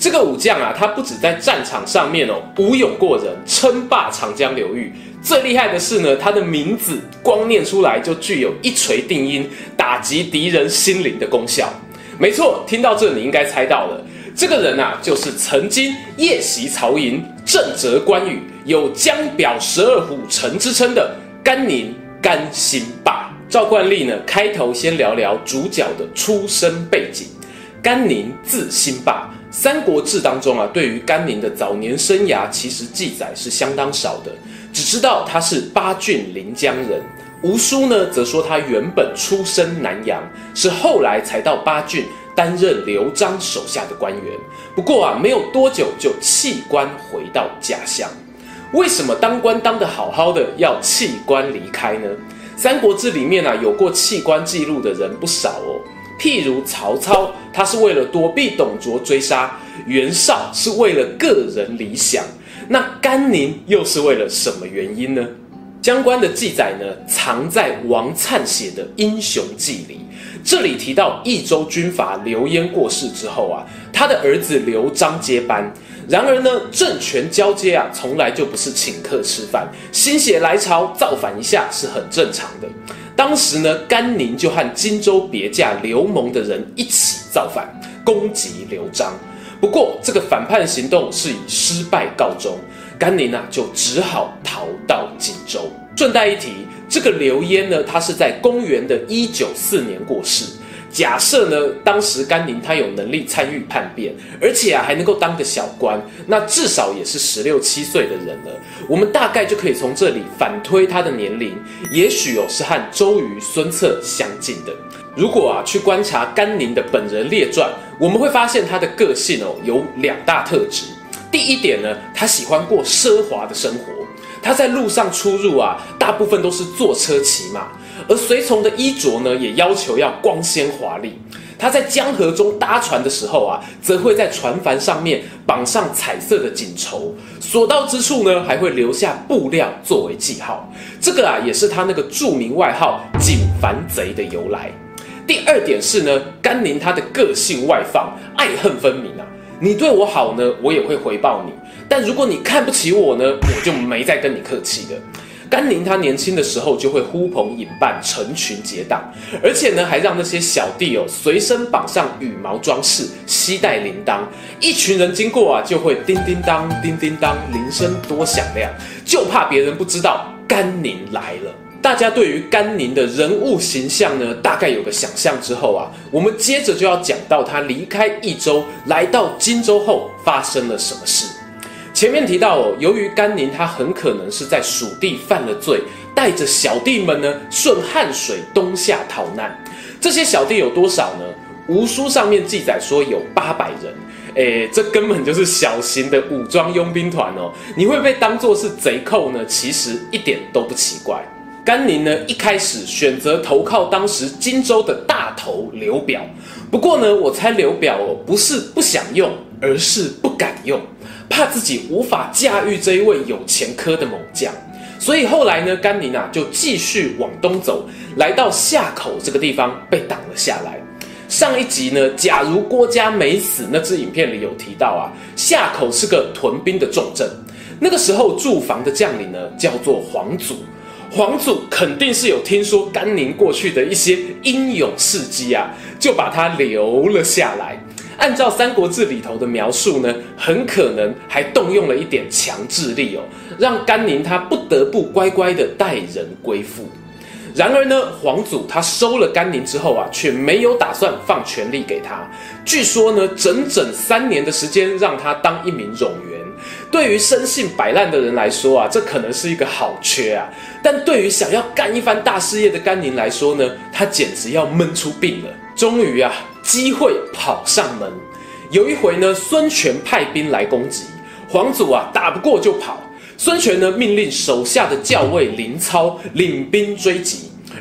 這個武將啊，他不止在戰場上面哦，武勇過人，稱霸長江流域。最厲害的是呢，他的名字光念出來就具有一錘定音、打擊敵人心靈的功效。沒錯，聽到這你應該猜到了，這個人吶、啊，就是曾經夜襲曹營、震懾關羽，有「江表十二虎臣」之稱的甘寧，甘興霸。照慣例呢，開頭先聊聊主角的出身背景。甘寧字興霸。《三國志》當中啊，對於甘寧的早年生涯，其實記載是相當少的，只知道他是巴郡臨江人。吳書呢，則說他原本出生南陽，是後來才到巴郡擔任劉璋手下的官員。不過啊，沒有多久就棄官回到家鄉。為什麼當官當得好好的要棄官離開呢？《三國志》裡面啊，有過棄官記錄的人不少哦。譬如曹操，他是為了躲避董卓追殺；袁紹是為了個人理想，那甘寧又是為了什麼原因呢？相關的記載呢，藏在王粲寫的《英雄記》裡。這裡提到益州軍閥劉焉過世之後啊，他的兒子劉璋接班。然而呢，政權交接啊，從來就不是請客吃飯，心血來潮造反一下是很正常的。當時呢，甘寧就和荊州別駕劉蒙的人一起造反，攻擊劉璋。不過這個反叛行動是以失敗告終，甘寧啊就只好逃到荊州。順帶一提，這個劉焉呢，他是在公元的一九四年過世。假設呢，當時甘寧他有能力參與叛變，而且啊還能夠當個小官，那至少也是十六七歲的人了。我們大概就可以從這裡反推他的年齡，也許哦是和周瑜、孫策相近的。如果啊去觀察甘寧的本人列傳，我們會發現他的個性哦有兩大特質。第一點呢，他喜歡過奢華的生活，他在路上出入啊，大部分都是坐車騎馬。而隨從的衣着呢，也要求要光鮮華麗。他在江河中搭船的時候啊，則會在船帆上面綁上彩色的錦綢，所到之處呢，還會留下布料作為記號。這個啊，也是他那個著名外號“錦帆賊”的由來。第二點是呢，甘寧他的個性外放，愛恨分明啊。你對我好呢，我也會回報你；但如果你看不起我呢，我就沒再跟你客氣了。甘寧他年輕的時候就會呼朋引伴，成群結黨，而且呢還讓那些小弟哦隨身綁上羽毛裝飾，攜帶鈴鐺，一群人經過啊就會叮叮當叮叮當，鈴聲多響亮，就怕別人不知道甘寧來了。大家對於甘寧的人物形象呢大概有個想象之後啊，我們接着就要講到他離開益州來到荊州後發生了什麼事。前面提到哦，由於甘寧他很可能是在蜀地犯了罪，帶着小弟們呢順漢水東下逃難。這些小弟有多少呢？《吳書》上面記載說有八百人。誒，這根本就是小型的武裝傭兵團哦。你會被當作是賊寇呢，其實一點都不奇怪。甘寧呢一開始選擇投靠當時荊州的大頭劉表，不過呢我猜劉表哦不是不想用，而是不敢用。怕自己無法駕馭這一位有前科的猛將，所以後來呢，甘寧啊就繼續往東走，來到夏口這個地方被擋了下來。上一集呢，假如郭嘉沒死，那支影片裡有提到啊，夏口是個屯兵的重鎮，那個時候駐防的將領呢，叫做黃祖，黃祖肯定是有聽說甘寧過去的一些英勇事蹟啊，就把他留了下來。按照《三國志》裡頭的描述呢，很可能還動用了一點強制力哦，讓甘寧他不得不乖乖的帶人歸附。然而呢，黃祖他收了甘寧之後啊，卻沒有打算放權力給他。據說呢，整整三年的時間讓他當一名冗員。對於生性擺爛的人來說啊，這可能是一個好缺啊。但對於想要幹一番大事業的甘寧來說呢，他簡直要悶出病了。終於啊。機會跑上門，有一回呢，孫權派兵來攻擊黃祖啊，打不過就跑。孫權呢，命令手下的校尉凌操領兵追擊，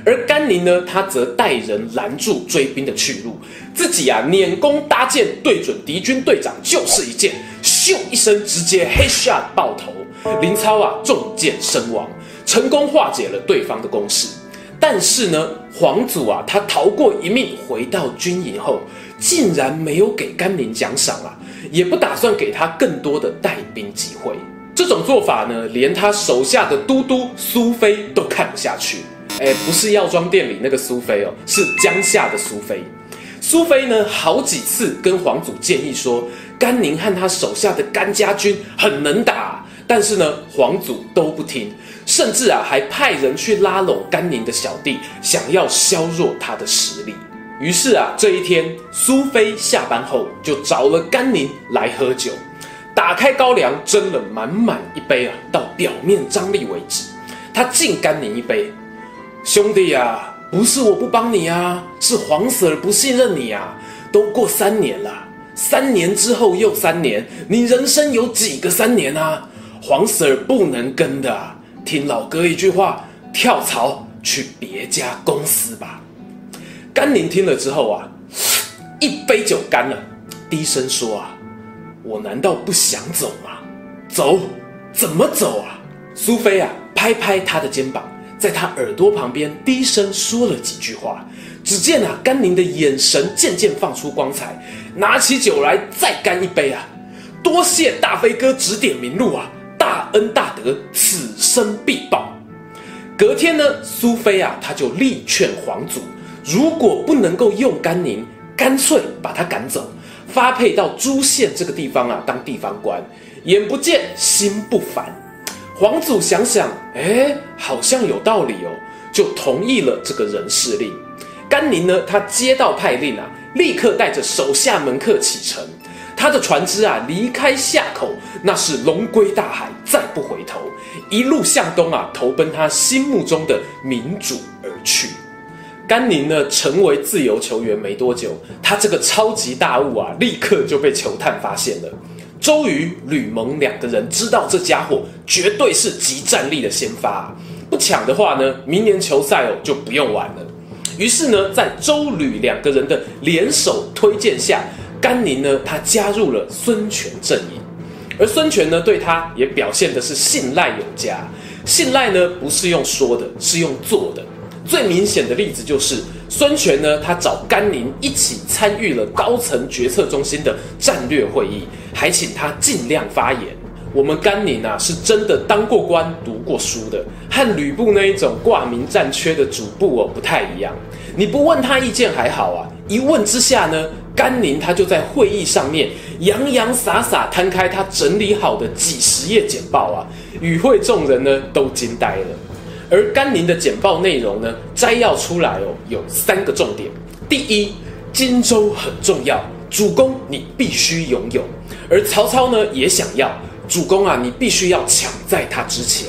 而甘寧呢，他則帶人攔住追兵的去路，自己啊，拈弓搭箭，對準敵軍隊長就是一箭，咻一聲，直接黑煞爆頭。凌操啊，中箭身亡，成功化解了對方的攻勢。但是呢，黃祖啊，他逃過一命，回到軍營後，竟然沒有給甘寧獎賞啊，也不打算給他更多的帶兵機會。這種做法呢，連他手下的都督蘇飛都看不下去。哎，不是藥妝店裡那個蘇菲哦，是江夏的蘇飛。蘇飛呢，好幾次跟黃祖建議說，甘寧和他手下的甘家軍很能打，但是呢，黃祖都不聽。甚至啊，還派人去拉攏甘寧的小弟，想要削弱他的實力。於是啊，這一天，蘇飛下班後就找了甘寧來喝酒，打開高粱，斟了滿滿一杯啊，到表面張力為止。他敬甘寧一杯，兄弟呀，啊，不是我不幫你啊，是黃 Sir 不信任你啊。都過三年了，三年之後又三年，你人生有幾個三年啊？黃 Sir 不能跟的，啊。聽老哥一句話，跳槽去別家公司吧。甘寧聽了之後啊，一杯酒乾了，低聲說啊：“我難道不想走嗎？走，怎麼走啊？”蘇飛啊，拍拍他的肩膀，在他耳朵旁邊低聲說了幾句話。只見啊，甘寧的眼神漸漸放出光彩，拿起酒來再乾一杯啊！多謝大飛哥指點明路啊！大恩大德，死。必報。隔天呢，蘇飛啊，他就力勸黃祖，如果不能夠用甘寧，乾脆把他趕走，發配到邾縣這個地方啊，當地方官，眼不見心不煩。黃祖想想，哎，好像有道理哦，就同意了這個人事令。甘寧呢，他接到派令啊，立刻帶着手下門客啟程，他的船隻啊，離開夏口，那是龍歸大海，再不回頭。一路向東啊，投奔他心目中的明主而去。甘寧呢，成為自由球員沒多久，他這個超級大物啊，立刻就被球探發現了。周瑜、呂蒙兩個人知道這家伙絕對是即戰力的先發、啊，不搶的話呢，明年球賽哦就不用玩了。於是呢，在周呂兩個人的聯手推薦下，甘寧呢，他加入了孫權陣營。而孫權呢，對他也表現的是信賴有加。信賴呢，不是用說的，是用做的。最明顯的例子就是，孫權呢，他找甘寧一起參與了高層決策中心的戰略會議，還請他盡量發言。我們甘寧啊，是真的當過官、讀過書的，和呂布那一種掛名佔缺的主簿哦不太一樣。你不問他意見還好啊，一問之下呢，甘寧他就在會議上面，洋洋灑灑攤開他整理好的幾十頁簡報啊，與會眾人呢都驚呆了。而甘寧的簡報內容呢，摘要出來哦，有三個重點：第一，荊州很重要，主公你必須擁有；而曹操呢也想要，主公啊你必須要搶在他之前。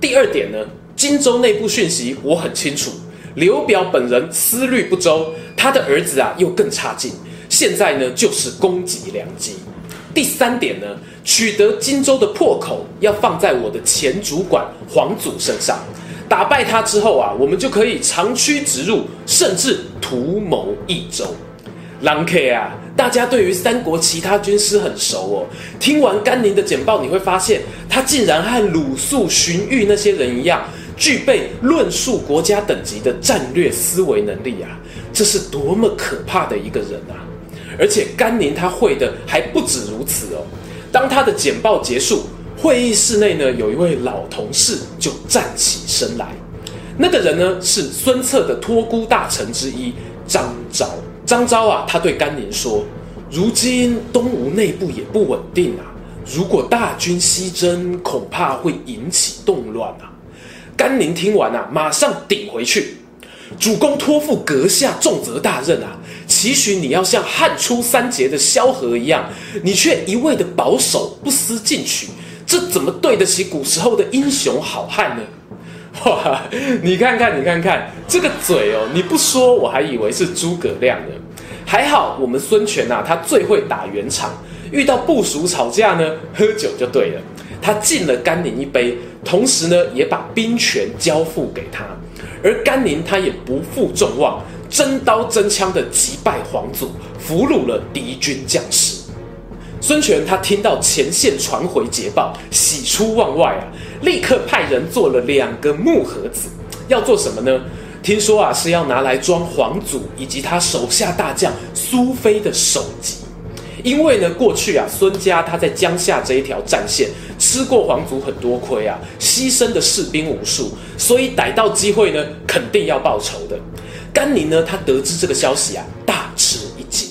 第二點呢，荊州內部訊息我很清楚，劉表本人思慮不周，他的兒子啊又更差勁。現在呢，就是攻擊良機。第三點呢，取得荊州的破口要放在我的前主管黃祖身上。打敗他之後啊，我們就可以長驅直入，甚至圖謀益州。l a k 啊，大家對於三國其他軍師很熟哦。聽完甘寧的簡報，你會發現他竟然和魯肅、荀彧那些人一樣，具備論述國家等級的戰略思維能力啊！這是多麼可怕的一個人啊！而且甘寧他會的還不止如此哦。當他的簡報結束，會議室內呢，有一位老同事就站起身來。那個人呢是孫策的托孤大臣之一張昭。張昭啊，他對甘寧說：“如今東吳內部也不穩定啊，如果大軍西征，恐怕會引起動亂啊。”甘寧聽完啊，馬上頂回去：“主公托付閣下重責大任啊。”期許你要像漢初三傑的蕭何一樣，你卻一味的保守不思進取，這怎麼對得起古時候的英雄好漢呢？哇，你看看你看看這個嘴哦，你不說我還以為是諸葛亮呢。還好我們孫權啊，他最會打圓場，遇到部屬吵架呢，喝酒就對了。他敬了甘寧一杯，同時呢也把兵權交付給他，而甘寧他也不負眾望。真刀真槍的擊敗黃祖，俘虜了敵軍將士。孫權他聽到前線傳回捷報，喜出望外啊！立刻派人做了兩個木盒子，要做什麼呢？聽說啊是要拿來裝黃祖以及他手下大將蘇飛的首級。因為呢，過去啊孫家他在江夏這一條戰線吃過黃祖很多虧啊，犧牲的士兵無數，所以逮到機會呢，肯定要報仇的。甘寧呢？他得知這個消息啊，大吃一驚。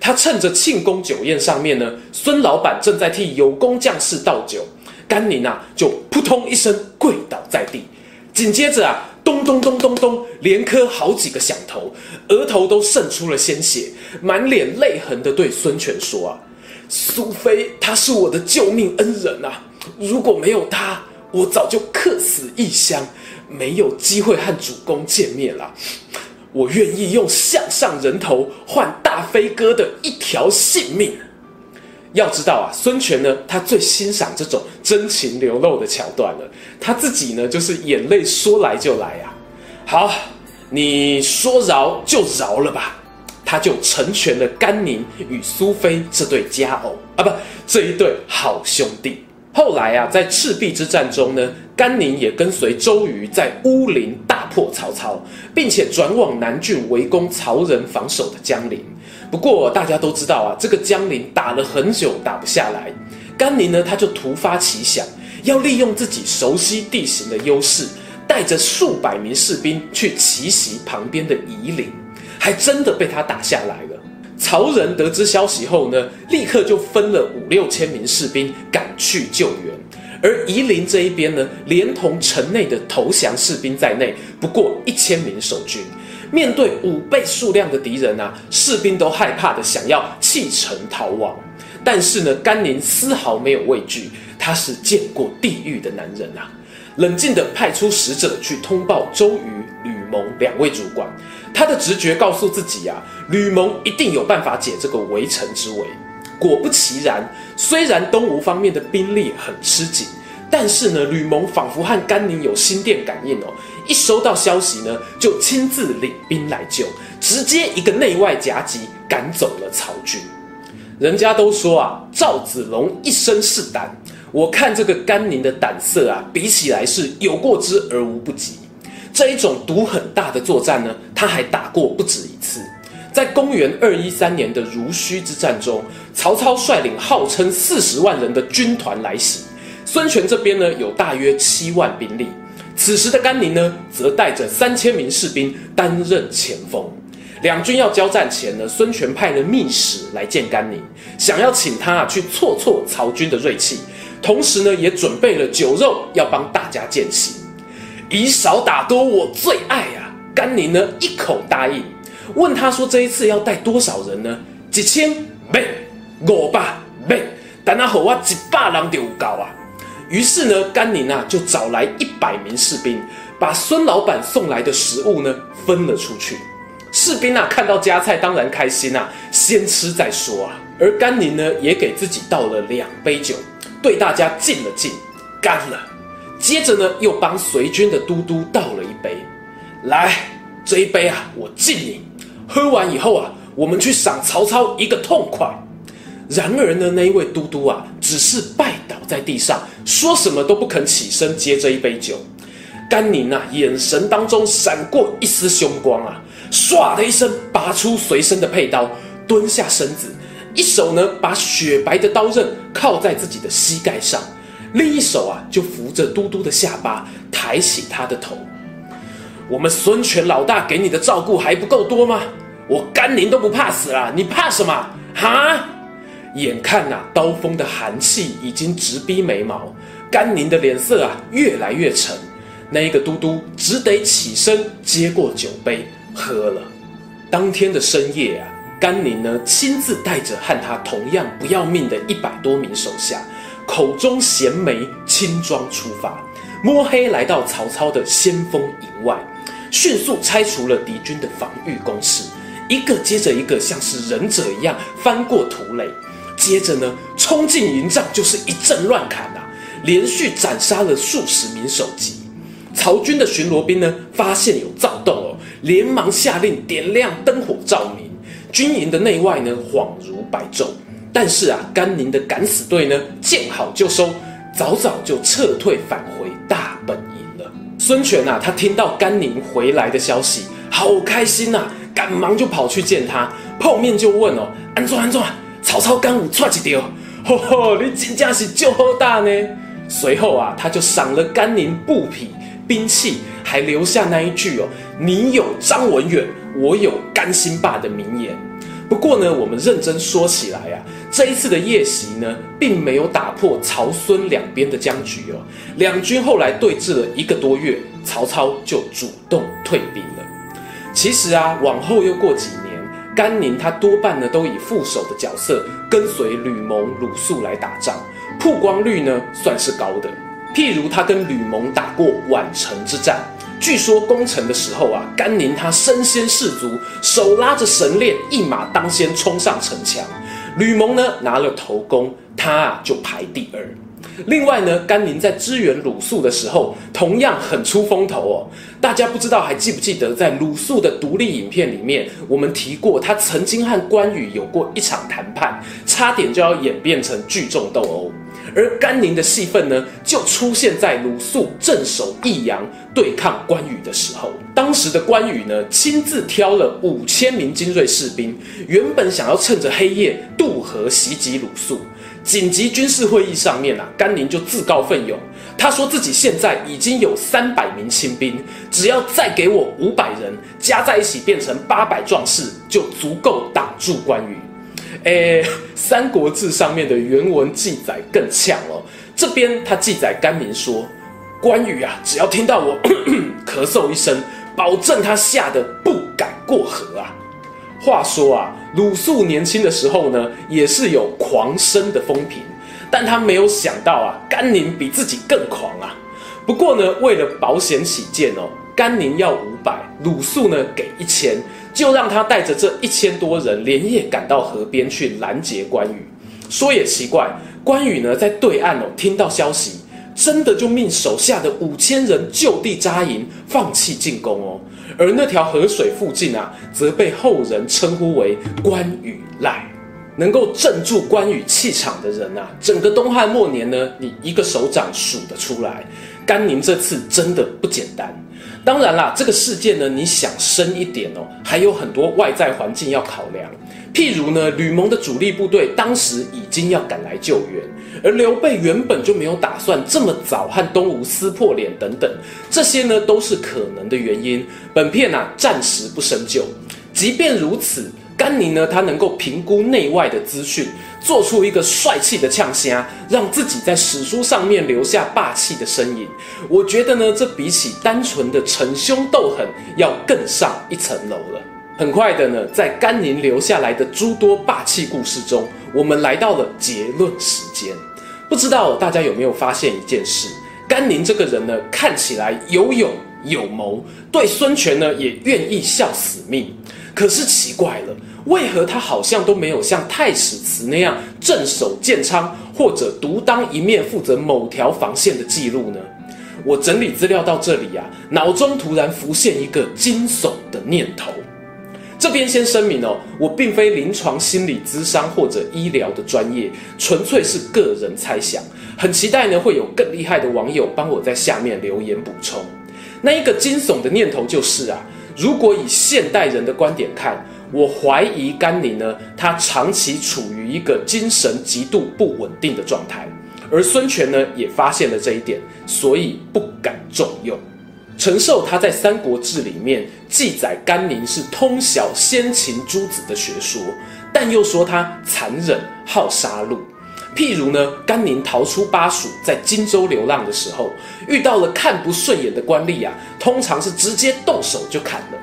他趁着慶功酒宴上面呢，孫老板正在替有功將士倒酒，甘寧啊就撲通一聲跪倒在地，緊接着啊，咚咚咚咚咚，連磕好幾個響頭，額頭都滲出了鮮血，滿臉淚痕地對孫權說：“啊，蘇飛，他是我的救命恩人啊！如果沒有他，我早就客死異鄉，沒有機會和主公見面了。”我願意用項上人頭換大飛哥的一條性命。要知道啊，孫權呢，他最欣賞這種真情流露的橋段了。他自己呢，就是眼淚說來就來啊。好，你說饒就饒了吧，他就成全了甘寧與蘇飛這對佳偶啊，不，這一對好兄弟。後來啊，在赤壁之戰中呢，甘寧也跟隨周瑜在烏林大破曹操，並且轉往南郡圍攻曹仁防守的江陵。不過大家都知道啊，這個江陵打了很久打不下來。甘寧呢，他就突發奇想，要利用自己熟悉地形的優勢，帶着數百名士兵去奇襲旁邊的夷陵，還真的被他打下來了。曹仁得知消息後呢，立刻就分了五六千名士兵趕去救援。而夷陵這一邊呢，連同城內的投降士兵在內，不過一千名守軍，面對五倍數量的敵人啊，士兵都害怕的想要棄城逃亡。但是呢，甘寧絲毫沒有畏懼，他是見過地獄的男人啊，冷靜地派出使者去通報周瑜、呂蒙兩位主管。他的直覺告訴自己啊，呂蒙一定有辦法解這個圍城之圍。果不其然，雖然東吳方面的兵力很吃緊，但是呢，呂蒙仿佛和甘寧有心電感應哦，一收到消息呢，就親自領兵來救，直接一個內外夾擊，趕走了曹軍。人家都說啊，趙子龍一身是膽，我看這個甘寧的膽色啊，比起來是有過之而無不及。這一種賭很大的作戰呢，他還打過不止一次。在公元二一三年的濡須之戰中，曹操率領號稱四十萬人的軍團來襲，孫權這邊呢，有大約七萬兵力。此時的甘寧呢，則帶着三千名士兵擔任前鋒。兩軍要交戰前呢，孫權派了密使來見甘寧，想要請他、啊、去挫挫曹軍的銳氣，同時呢也準備了酒肉要幫大家餞行，以少打多，我最愛呀、啊！甘寧呢一口答應。問他說：“這一次要帶多少人呢？幾千倍，五百倍，但他喊我一百人就搞啊。於是呢，甘寧啊就找來一百名士兵，把孫老板送來的食物呢分了出去。士兵啊看到加菜，當然開心啊，先吃再說啊。而甘寧呢也給自己倒了兩杯酒，對大家敬了敬，乾了。接着呢又幫隨軍的都督倒了一杯，來這一杯啊，我敬你。”喝完以後啊，我們去賞曹操一個痛快。然而呢，那一位都督啊，只是拜倒在地上，說什麼都不肯起身接這一杯酒。甘寧啊，眼神當中閃過一絲凶光啊，唰的一聲拔出隨身的佩刀，蹲下身子，一手呢把雪白的刀刃靠在自己的膝蓋上，另一手啊就扶着都督的下巴，抬起他的頭。我們孫權老大給你的照顧還不夠多嗎？我甘寧都不怕死了，你怕什麼哈？眼看吶、啊，刀鋒的寒氣已經直逼眉毛，甘寧的臉色啊越來越沉。那一個都督只得起身接過酒杯喝了。當天的深夜啊，甘寧呢親自帶着和他同樣不要命的一百多名手下，口中銜枚輕裝出發，摸黑來到曹操的先鋒營外，迅速拆除了敵軍的防御工事。一個接着一個，像是忍者一樣翻過土壘，接着呢，衝進營帳就是一陣亂砍啊，連續斬殺了數十名守軍。曹軍的巡邏兵呢，發現有躁動哦，連忙下令點亮燈火照明，軍營的內外呢，恍如白晝。但是啊，甘寧的敢死隊呢，見好就收，早早就撤退返回大本營了。孫權吶、啊，他聽到甘寧回來的消息，好開心吶、啊。趕忙就跑去見他，碰面，就問哦，安怎安怎？曹操剛武出一丟，吼、哦、吼、哦，你真正是就火大呢。隨後啊，他就賞了甘寧布匹、兵器，還留下那一句哦：“你有張文遠，我有甘興霸”的名言。不過呢，我們認真說起來啊，這一次的夜襲呢，並沒有打破曹孫兩邊的僵局哦。兩軍後來對峙了一個多月，曹操就主動退兵了。其實啊，往後又過幾年，甘寧他多半呢都以副手的角色跟隨呂蒙、魯肅來打仗，曝光率呢算是高的。譬如他跟呂蒙打過皖城之戰，據說攻城的時候啊，甘寧他身先士卒，手拉着繩鍊一馬當先衝上城牆，呂蒙呢拿了頭功，他啊就排第二。另外呢，甘寧在支援魯肅的時候，同樣很出風頭哦。大家不知道還記不記得，在魯肅的獨立影片裡面，我們提過他曾經和關羽有過一場談判，差點就要演變成聚眾鬥毆。而甘寧的戲份呢，就出現在魯肅鎮守益陽對抗關羽的時候。當時的關羽呢，親自挑了五千名精銳士兵，原本想要趁着黑夜渡河襲擊魯肅。緊急軍事會議上面啊，甘寧就自告奮勇。他說自己現在已經有三百名親兵，只要再給我五百人，加在一起變成八百壯士，就足夠擋住關羽。哎，《三國志》上面的原文記載更強了哦。這邊他記載甘寧說：“關羽啊，只要聽到我咳、咳、咳嗽一聲，保證他嚇得不敢過河啊。”話說啊，魯肅年輕的時候呢，也是有狂生的風評，但他沒有想到啊，甘寧比自己更狂啊。不過呢，為了保險起見哦，甘寧要五百，魯肅呢給一千，就讓他帶着這一千多人連夜趕到河邊去攔截關羽。說也奇怪，關羽呢在對岸哦，聽到消息，真的就命手下的五千人就地紮營，放棄進攻哦。而那條河水附近啊，則被後人稱呼為關羽瀨。能夠鎮住關羽氣場的人啊，整個東漢末年呢，你一個手掌數得出來。甘寧這次真的不簡單，當然啦，這個事件呢，你想深一點哦，還有很多外在環境要考量，譬如呢，呂蒙的主力部隊當時已經要趕來救援，而劉備原本就沒有打算這麼早和東吳撕破臉，等等，這些呢都是可能的原因。本片呢、啊、暫時不深究。即便如此，甘寧呢他能夠評估內外的資訊。做出一個帥氣的嗆蝦，讓自己在史書上面留下霸氣的身影。我覺得呢，這比起單純的逞凶鬥狠要更上一層樓了。很快的呢，在甘寧留下來的諸多霸氣故事中，我們來到了結論時間。不知道大家有沒有發現一件事：甘寧這個人呢，看起來有勇有、有謀，對孫權呢也願意效死命，可是奇怪了。為何他好像都沒有像太史慈那樣鎮守建昌，或者獨當一面負責某條防線的記錄呢？我整理資料到這裡啊，腦中突然浮現一個驚悚的念頭。這邊先聲明哦，我並非臨床心理諮商或者醫療的專業，純粹是個人猜想。很期待呢，會有更厲害的網友幫我在下面留言補充。那一個驚悚的念頭就是啊，如果以現代人的觀點看，我懷疑甘寧呢，他長期處於一個精神極度不穩定的狀態，而孫權呢也發現了這一點，所以不敢重用。陳壽他在《三國志》裡面記載甘寧是通曉先秦諸子的學說，但又說他殘忍好殺戮。譬如呢，甘寧逃出巴蜀，在荊州流浪的時候，遇到了看不順眼的官吏啊，通常是直接動手就砍了。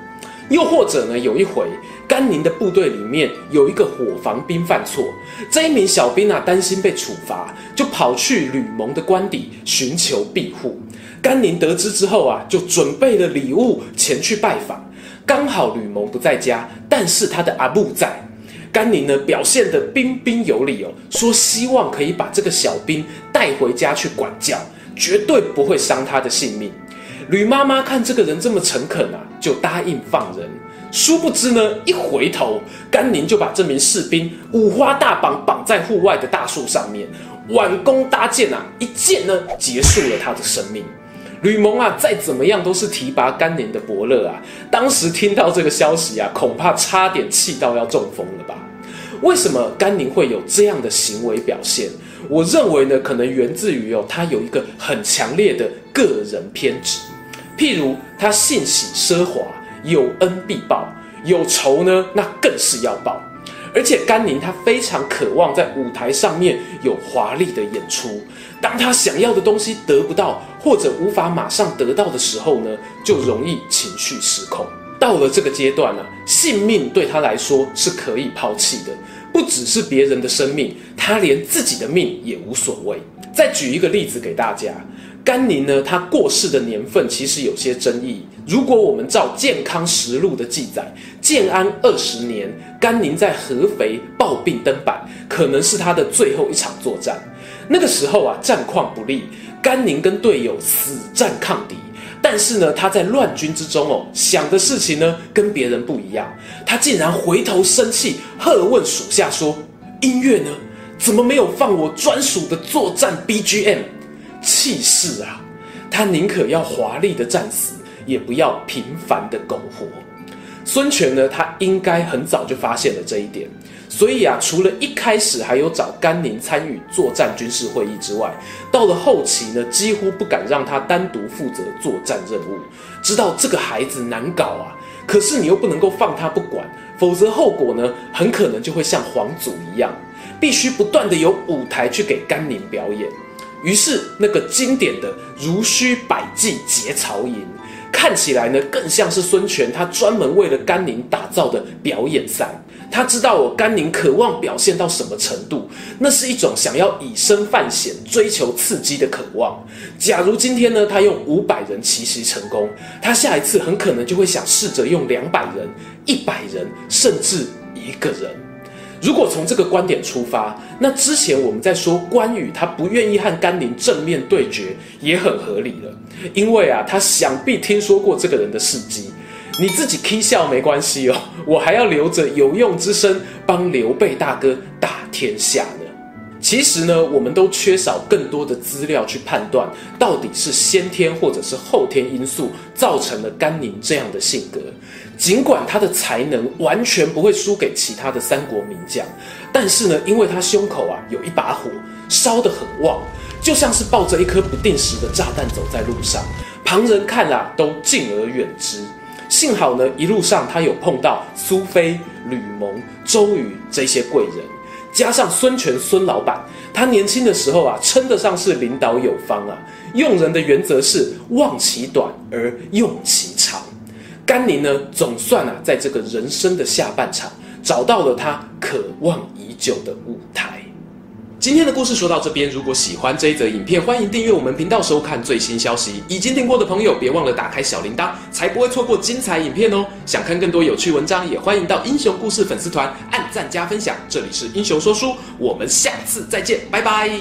又或者呢，有一回，甘寧的部隊裡面有一個伙房兵犯錯，這一名小兵啊擔心被處罰，就跑去呂蒙的官邸尋求庇護。甘寧得知之後啊，就準備了禮物前去拜訪。剛好呂蒙不在家，但是他的阿母在。甘寧呢表現得彬彬有禮哦，說希望可以把這個小兵帶回家去管教，絕對不會傷他的性命。呂媽媽看這個人這麼誠懇啊，就答應放人。殊不知呢，一回頭，甘寧就把這名士兵五花大綁綁在戶外的大樹上面，挽弓搭箭啊，一箭呢結束了他的生命。呂蒙啊，再怎麼樣都是提拔甘寧的伯樂啊。當時聽到這個消息啊，恐怕差點氣到要中風了吧？為什麼甘寧會有這樣的行為表現？我認為呢，可能源自於哦，他有一個很強烈的個人偏執，譬如他性喜奢華。有恩必報，有仇呢，那更是要報。而且甘寧他非常渴望在舞台上面有華麗的演出。當他想要的東西得不到，或者無法馬上得到的時候呢，就容易情緒失控。到了這個階段呢、啊，性命對他來說是可以拋棄的，不只是別人的生命，他連自己的命也無所謂。再舉一個例子給大家。甘寧呢，他過世的年份其實有些爭議。如果我們照《建康實錄》的記載，建安二十年，甘寧在合肥暴病登板，可能是他的最後一場作戰。那個時候啊，戰況不利，甘寧跟隊友死戰抗敵。但是呢，他在亂軍之中哦，想的事情呢跟別人不一樣。他竟然回頭生氣，喝問屬下說：“音樂呢？怎麼沒有放我專屬的作戰 BGM？” 氣勢啊，他寧可要華麗的戰死，也不要平凡的苟活。孫權呢，他應該很早就發現了這一點，所以啊，除了一開始還有找甘寧參與作戰軍事會議之外，到了後期呢，幾乎不敢讓他單獨負責作戰任務。知道這個孩子難搞啊，可是你又不能夠放他不管，否則後果呢，很可能就會像黃祖一樣，必須不斷的有舞台去給甘寧表演。於是，那個經典的濡須百騎劫曹營，看起來呢，更像是孫權他專門為了甘寧打造的表演賽。他知道我甘寧渴望表現到什麼程度，那是一種想要以身犯險、追求刺激的渴望。假如今天呢，他用五百人奇襲成功，他下一次很可能就會想試着用兩百人、一百人，甚至一個人。如果從這個觀點出發，那之前我們在說關羽他不願意和甘寧正面對決也很合理了，因為啊，他想必聽說過這個人的事蹟。你自己踢笑沒關係哦，我還要留着有用之身幫劉備大哥打天下呢。其實呢，我們都缺少更多的資料去判斷到底是先天或者是後天因素造成了甘寧這樣的性格。儘管他的才能完全不會輸給其他的三國名將，但是呢，因為他胸口啊有一把火燒得很旺，就像是抱着一顆不定時的炸彈走在路上，旁人看啊都敬而遠之。幸好呢，一路上他有碰到蘇飛、呂蒙、周瑜這些貴人，加上孫權孫老板，他年輕的時候啊，稱得上是領導有方啊，用人的原則是忘其短而用其長。甘寧呢，總算啊，在這個人生的下半場，找到了他渴望已久的舞台。今天的故事說到這邊，如果喜歡這一則影片，歡迎訂閱我們頻道收看最新消息。已經訂過的朋友，別忘了打開小鈴鐺，才不會錯過精彩影片哦。想看更多有趣文章，也歡迎到英雄故事粉絲團按讚加分享。這裡是英雄說書，我們下次再見，拜拜。